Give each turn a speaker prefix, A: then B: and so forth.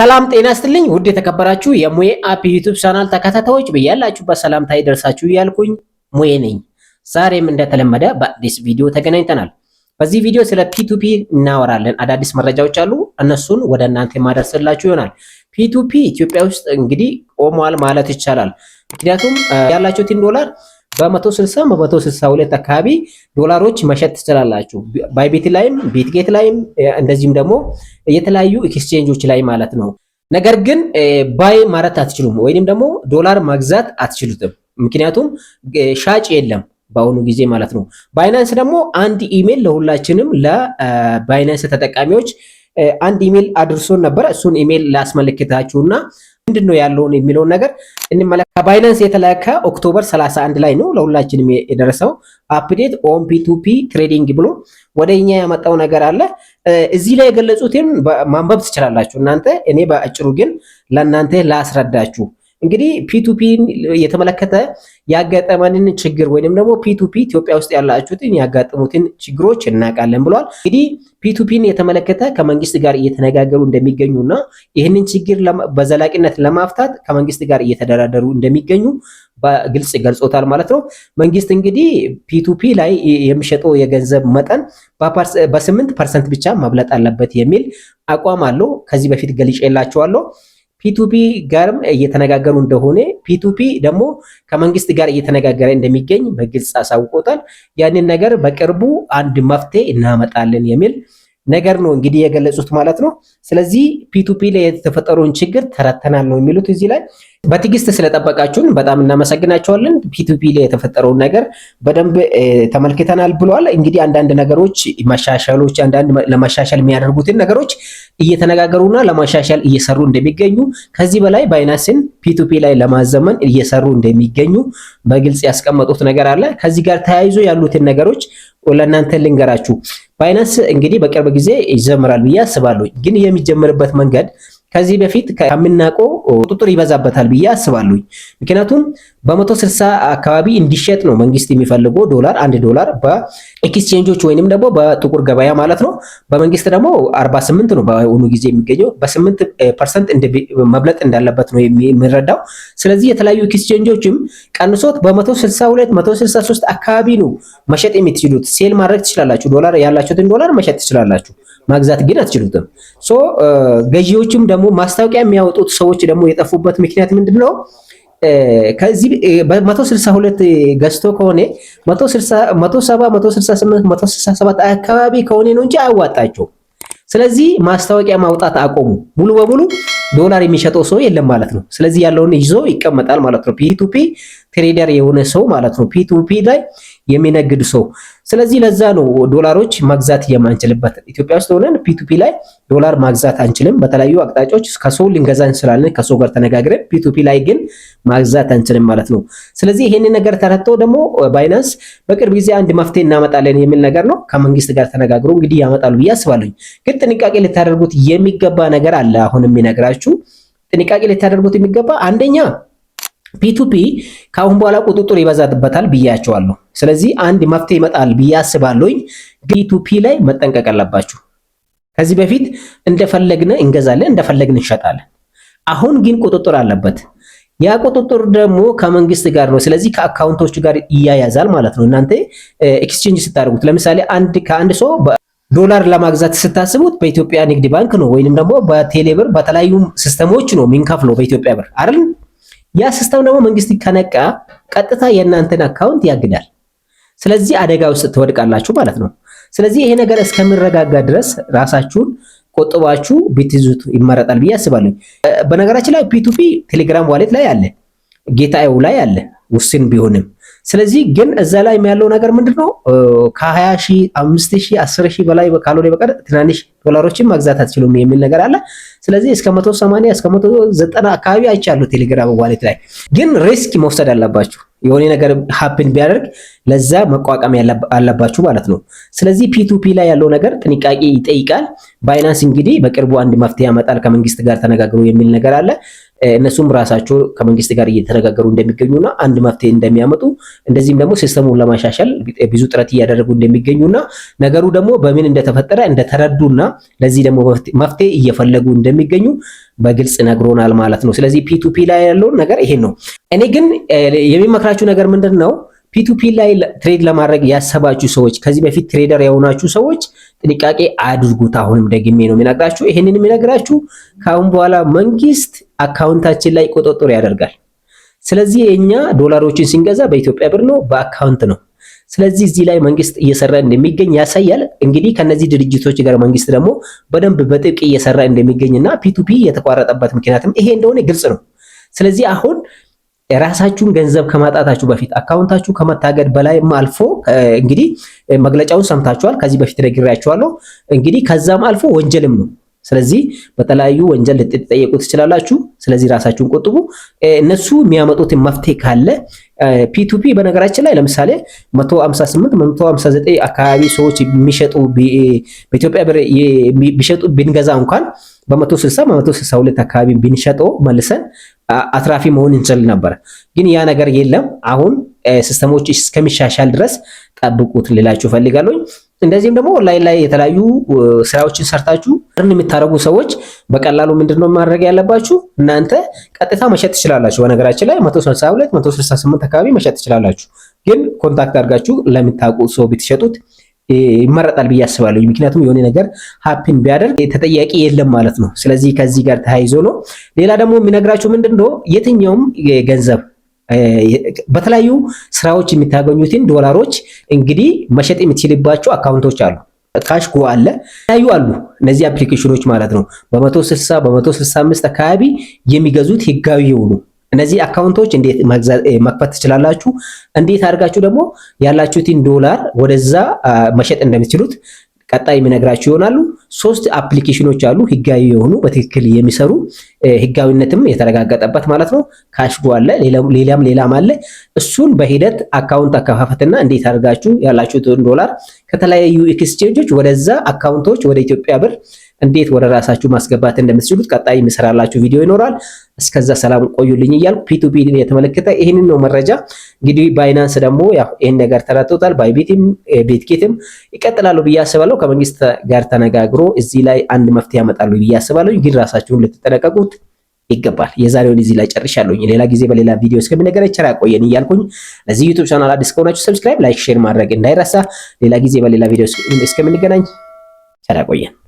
A: ሰላም ጤና ስትልኝ ውድ የተከበራችሁ የሙሄ አፕ ዩቱብ ቻናል ተከታታዮች በያላችሁበት ሰላምታ ይደርሳችሁ እያልኩኝ ሙሄ ነኝ። ዛሬም እንደተለመደ በአዲስ ቪዲዮ ተገናኝተናል። በዚህ ቪዲዮ ስለ ፒቱፒ እናወራለን። አዳዲስ መረጃዎች አሉ፣ እነሱን ወደ እናንተ የማደርስላችሁ ይሆናል። ፒቱፒ ኢትዮጵያ ውስጥ እንግዲህ ቆሟል ማለት ይቻላል። ምክንያቱም ያላችሁትን ዶላር በ160 በ162 አካባቢ ዶላሮች መሸጥ ትችላላችሁ። ባይቢት ላይም ቢትጌት ላይም እንደዚሁም ደግሞ የተለያዩ ኤክስቼንጆች ላይ ማለት ነው። ነገር ግን ባይ ማለት አትችሉም፣ ወይንም ደግሞ ዶላር መግዛት አትችሉትም። ምክንያቱም ሻጭ የለም በአሁኑ ጊዜ ማለት ነው። ባይናንስ ደግሞ አንድ ኢሜል ለሁላችንም ለባይናንስ ተጠቃሚዎች አንድ ኢሜል አድርሶን ነበር። እሱን ኢሜል ላስመለክታችሁና ምንድን ነው ያለውን የሚለውን ነገር እንመለከ ከባይናንስ የተላከ ኦክቶበር 31 ላይ ነው ለሁላችንም የደረሰው አፕዴት ኦን ፒቱፒ ትሬዲንግ ብሎ ወደ እኛ ያመጣው ነገር አለ። እዚህ ላይ የገለጹትን ማንበብ ትችላላችሁ እናንተ። እኔ በአጭሩ ግን ለእናንተ ላስረዳችሁ እንግዲህ ፒቱፒን የተመለከተ ያጋጠመንን ችግር ወይንም ደግሞ ፒቱፒ ኢትዮጵያ ውስጥ ያላችሁትን ያጋጠሙትን ችግሮች እናውቃለን ብሏል። እንግዲህ ፒቱፒን የተመለከተ ከመንግስት ጋር እየተነጋገሩ እንደሚገኙና ይህንን ችግር በዘላቂነት ለማፍታት ከመንግስት ጋር እየተደራደሩ እንደሚገኙ በግልጽ ገልጾታል ማለት ነው። መንግስት እንግዲህ ፒቱፒ ላይ የሚሸጠው የገንዘብ መጠን በስምንት ፐርሰንት ብቻ መብለጥ አለበት የሚል አቋም አለው። ከዚህ በፊት ገልጬላችኋለሁ። ፒቱፒ ጋርም እየተነጋገሩ እንደሆነ ፒቱፒ ደግሞ ከመንግስት ጋር እየተነጋገረ እንደሚገኝ በግልጽ አሳውቆታል። ያንን ነገር በቅርቡ አንድ መፍትሄ እናመጣለን የሚል ነገር ነው እንግዲህ የገለጹት ማለት ነው። ስለዚህ ፒቱፒ ላይ የተፈጠረውን ችግር ተረተናል ነው የሚሉት እዚህ ላይ በትዕግስት ስለጠበቃችሁን በጣም እናመሰግናቸዋለን። ፒቱፒ ላይ የተፈጠረውን ነገር በደንብ ተመልክተናል ብለዋል። እንግዲህ አንዳንድ ነገሮች መሻሻሎች፣ አንዳንድ ለማሻሻል የሚያደርጉትን ነገሮች እየተነጋገሩና ለማሻሻል እየሰሩ እንደሚገኙ ከዚህ በላይ ባይናንስን ፒቱፒ ላይ ለማዘመን እየሰሩ እንደሚገኙ በግልጽ ያስቀመጡት ነገር አለ። ከዚህ ጋር ተያይዞ ያሉትን ነገሮች ለእናንተ ልንገራችሁ። ባይናንስ እንግዲህ በቅርብ ጊዜ ይጀምራል ብዬ አስባለሁ። ግን የሚጀምርበት መንገድ ከዚህ በፊት ከምናውቀው ቁጥጥር ይበዛበታል ብዬ አስባለሁ ምክንያቱም በመቶ ስልሳ አካባቢ እንዲሸጥ ነው መንግስት የሚፈልገው ዶላር አንድ ዶላር በኤክስቼንጆች ወይንም ደግሞ በጥቁር ገበያ ማለት ነው። በመንግስት ደግሞ 48 ነው በአሁኑ ጊዜ የሚገኘው በ8 ፐርሰንት መብለጥ እንዳለበት ነው የሚረዳው። ስለዚህ የተለያዩ ኤክስቼንጆችም ቀንሶት በ162 163 አካባቢ ነው መሸጥ የምትችሉት። ሴል ማድረግ ትችላላችሁ። ዶላር ያላችሁትን ዶላር መሸጥ ትችላላችሁ። ማግዛት ግን አትችሉትም። ሶ ገዢዎችም ደግሞ ማስታወቂያ የሚያወጡት ሰዎች ደግሞ የጠፉበት ምክንያት ምንድን ነው? ከዚህ በመቶ ስልሳ ሁለት ገዝቶ ከሆነ 7 መቶ ሰባ መቶ ስልሳ ስምንት መቶ ስልሳ ሰባት አካባቢ ከሆነ ነው እንጂ አያዋጣቸው። ስለዚህ ማስታወቂያ ማውጣት አቆሙ። ሙሉ በሙሉ ዶላር የሚሸጠው ሰው የለም ማለት ነው። ስለዚህ ያለውን ይዞ ይቀመጣል ማለት ነው። ፒቱፒ ትሬደር የሆነ ሰው ማለት ነው። ፒቱፒ ላይ የሚነግድ ሰው። ስለዚህ ለዛ ነው ዶላሮች መግዛት የማንችልበት። ኢትዮጵያ ውስጥ ሆነን ፒቱፒ ላይ ዶላር ማግዛት አንችልም። በተለያዩ አቅጣጫዎች ከሰው ልንገዛ እንችላለን፣ ከሰው ጋር ተነጋግረን። ፒቱፒ ላይ ግን ማግዛት አንችልም ማለት ነው። ስለዚህ ይሄን ነገር ተረድቶ ደግሞ ባይናንስ በቅርብ ጊዜ አንድ መፍትሄ እናመጣለን የሚል ነገር ነው። ከመንግስት ጋር ተነጋግሮ እንግዲህ ያመጣሉ ብዬ አስባለሁ። ግን ጥንቃቄ ልታደርጉት የሚገባ ነገር አለ። አሁን የሚነግራችሁ ጥንቃቄ ልታደርጉት የሚገባ አንደኛ ፒቱፒ ከአሁን በኋላ ቁጥጥር ይበዛበታል ብያቸዋለሁ። ስለዚህ አንድ መፍትሄ ይመጣል ብዬ አስባለሁኝ። ፒቱፒ ላይ መጠንቀቅ አለባችሁ። ከዚህ በፊት እንደፈለግን እንገዛለን፣ እንደፈለግን እንሸጣለን። አሁን ግን ቁጥጥር አለበት። ያ ቁጥጥር ደግሞ ከመንግስት ጋር ነው። ስለዚህ ከአካውንቶች ጋር ይያያዛል ማለት ነው። እናንተ ኤክስቼንጅ ስታደርጉት ለምሳሌ አንድ ከአንድ ሰው ዶላር ለማግዛት ስታስቡት በኢትዮጵያ ንግድ ባንክ ነው ወይንም ደግሞ በቴሌብር በተለያዩ ሲስተሞች ነው የሚንከፍለው በኢትዮጵያ ብር አይደል ያ ሲስተም ደግሞ መንግስት ከነቃ ቀጥታ የእናንተን አካውንት ያግዳል። ስለዚህ አደጋ ውስጥ ትወድቃላችሁ ማለት ነው። ስለዚህ ይሄ ነገር እስከሚረጋጋ ድረስ ራሳችሁን ቆጥባችሁ ቢትይዙት ይመረጣል ብዬ አስባለሁ። በነገራችን ላይ ፒቱፒ ቴሌግራም ዋሌት ላይ አለ፣ ጌታው ላይ አለ ውስን ቢሆንም ስለዚህ ግን እዛ ላይ ያለው ነገር ምንድነው ከ20 5 10 በላይ ካልሆነ በቀር ትናንሽ ዶላሮችን መግዛት አትችሉም የሚል ነገር አለ። ስለዚህ እስከ 180 እስከ 190 አካባቢ አይቻሉ ቴሌግራም ዋሌት ላይ ግን ሪስክ መውሰድ አለባችሁ። የሆነ ነገር ሀፕን ቢያደርግ ለዛ መቋቋም አለባችሁ ማለት ነው። ስለዚህ ፒቱፒ ላይ ያለው ነገር ጥንቃቄ ይጠይቃል። ባይናንስ እንግዲህ በቅርቡ አንድ መፍትሄ ያመጣል፣ ከመንግስት ጋር ተነጋግሮ የሚል ነገር አለ። እነሱም ራሳቸው ከመንግስት ጋር እየተነጋገሩ እንደሚገኙና አንድ መፍትሄ እንደሚያመጡ እንደዚህም ደግሞ ሲስተሙን ለማሻሻል ብዙ ጥረት እያደረጉ እንደሚገኙና ነገሩ ደግሞ በምን እንደተፈጠረ እንደተረዱና ለዚህ ደግሞ መፍትሄ እየፈለጉ እንደሚገኙ በግልጽ ነግሮናል ማለት ነው። ስለዚህ ፒቱፒ ላይ ያለውን ነገር ይሄን ነው። እኔ ግን የሚመክራችሁ ነገር ምንድን ነው? ፒቱፒ ላይ ትሬድ ለማድረግ ያሰባችሁ ሰዎች፣ ከዚህ በፊት ትሬደር የሆናችሁ ሰዎች ጥንቃቄ አድርጉት። አሁንም ደግሜ ነው የሚነግራችሁ። ይህንን የሚነግራችሁ ከአሁን በኋላ መንግስት አካውንታችን ላይ ቁጥጥር ያደርጋል። ስለዚህ እኛ ዶላሮችን ስንገዛ በኢትዮጵያ ብር ነው፣ በአካውንት ነው። ስለዚህ እዚህ ላይ መንግስት እየሰራ እንደሚገኝ ያሳያል። እንግዲህ ከነዚህ ድርጅቶች ጋር መንግስት ደግሞ በደንብ በጥብቅ እየሰራ እንደሚገኝና ፒቱፒ የተቋረጠበት ምክንያትም ይሄ እንደሆነ ግልጽ ነው። ስለዚህ አሁን የራሳችሁን ገንዘብ ከማጣታችሁ በፊት አካውንታችሁ ከመታገድ በላይም አልፎ እንግዲህ መግለጫውን ሰምታችኋል። ከዚህ በፊት ነግሬያችኋለሁ። እንግዲህ ከዛም አልፎ ወንጀልም ነው። ስለዚህ በተለያዩ ወንጀል ልትጠየቁ ትችላላችሁ። ስለዚህ ራሳችሁን ቆጥቡ። እነሱ የሚያመጡትን መፍትሄ ካለ ፒቱፒ በነገራችን ላይ ለምሳሌ 158 159 አካባቢ ሰዎች የሚሸጡ በኢትዮጵያ ብር ቢሸጡ ብንገዛ እንኳን በ160 በ162 አካባቢ ብንሸጠው መልሰን አትራፊ መሆን እንችል ነበር። ግን ያ ነገር የለም። አሁን ሲስተሞች እስከሚሻሻል ድረስ ጠብቁት ልላችሁ ፈልጋሉ እንደዚህም ደግሞ ኦንላይን ላይ የተለያዩ ስራዎችን ሰርታችሁ ርን የምታደርጉ ሰዎች በቀላሉ ምንድነው ማድረግ ያለባችሁ? እናንተ ቀጥታ መሸጥ ትችላላችሁ። በነገራችን ላይ 162 168 አካባቢ መሸጥ ትችላላችሁ። ግን ኮንታክት አድርጋችሁ ለምታውቁ ሰው ብትሸጡት ይመረጣል ብዬ አስባለሁ። ምክንያቱም የሆነ ነገር ሀፕን ቢያደርግ ተጠያቂ የለም ማለት ነው። ስለዚህ ከዚህ ጋር ተያይዞ ነው። ሌላ ደግሞ የሚነግራቸው ምንድን ነው የትኛውም ገንዘብ በተለያዩ ስራዎች የሚታገኙትን ዶላሮች እንግዲህ መሸጥ የምትችልባቸው አካውንቶች አሉ። ካሽ ጎ አለ ተለያዩ አሉ እነዚህ አፕሊኬሽኖች ማለት ነው። በመቶ 160 በመቶ 165 አካባቢ የሚገዙት ህጋዊ የሆኑ እነዚህ አካውንቶች እንዴት መክፈት ትችላላችሁ፣ እንዴት አድርጋችሁ ደግሞ ያላችሁትን ዶላር ወደዛ መሸጥ እንደምትችሉት ቀጣይ የሚነግራችሁ ይሆናሉ። ሶስት አፕሊኬሽኖች አሉ፣ ህጋዊ የሆኑ በትክክል የሚሰሩ ህጋዊነትም የተረጋገጠበት ማለት ነው። ካሽጎ አለ፣ ሌላም ሌላም አለ። እሱን በሂደት አካውንት አከፋፈትና እንዴት አድርጋችሁ ያላችሁትን ዶላር ከተለያዩ ኤክስቼንጆች ወደዛ አካውንቶች ወደ ኢትዮጵያ ብር እንዴት ወደ ራሳችሁ ማስገባት እንደምትችሉት ቀጣይ የምሰራላችሁ ቪዲዮ ይኖራል። እስከዛ ሰላም ቆዩልኝ እያልኩ ፒቱፒ የተመለከተ ይህንን ነው መረጃ። እንግዲህ ባይናንስ ደግሞ ያው ይህን ነገር ተረጥቶታል። ባይቤትም ቤትኬትም ይቀጥላሉ ብዬ አስባለሁ። ከመንግስት ጋር ተነጋግሮ እዚህ ላይ አንድ መፍትሄ ያመጣሉ ብዬ አስባለሁ። ግን ራሳችሁን ልትጠነቀቁት ይገባል። የዛሬውን እዚህ ላይ ጨርሻለሁኝ። ሌላ ጊዜ በሌላ ቪዲዮ እስከምንገናኝ ቸር ያቆየን እያልኩኝ ለዚህ ዩቱብ ቻናል አዲስ ከሆናችሁ ሰብስክራይብ፣ ላይክ፣ ሼር ማድረግ እንዳይረሳ። ሌላ ጊዜ በሌላ ቪዲዮ እስከምንገናኝ ቸር ያቆየን።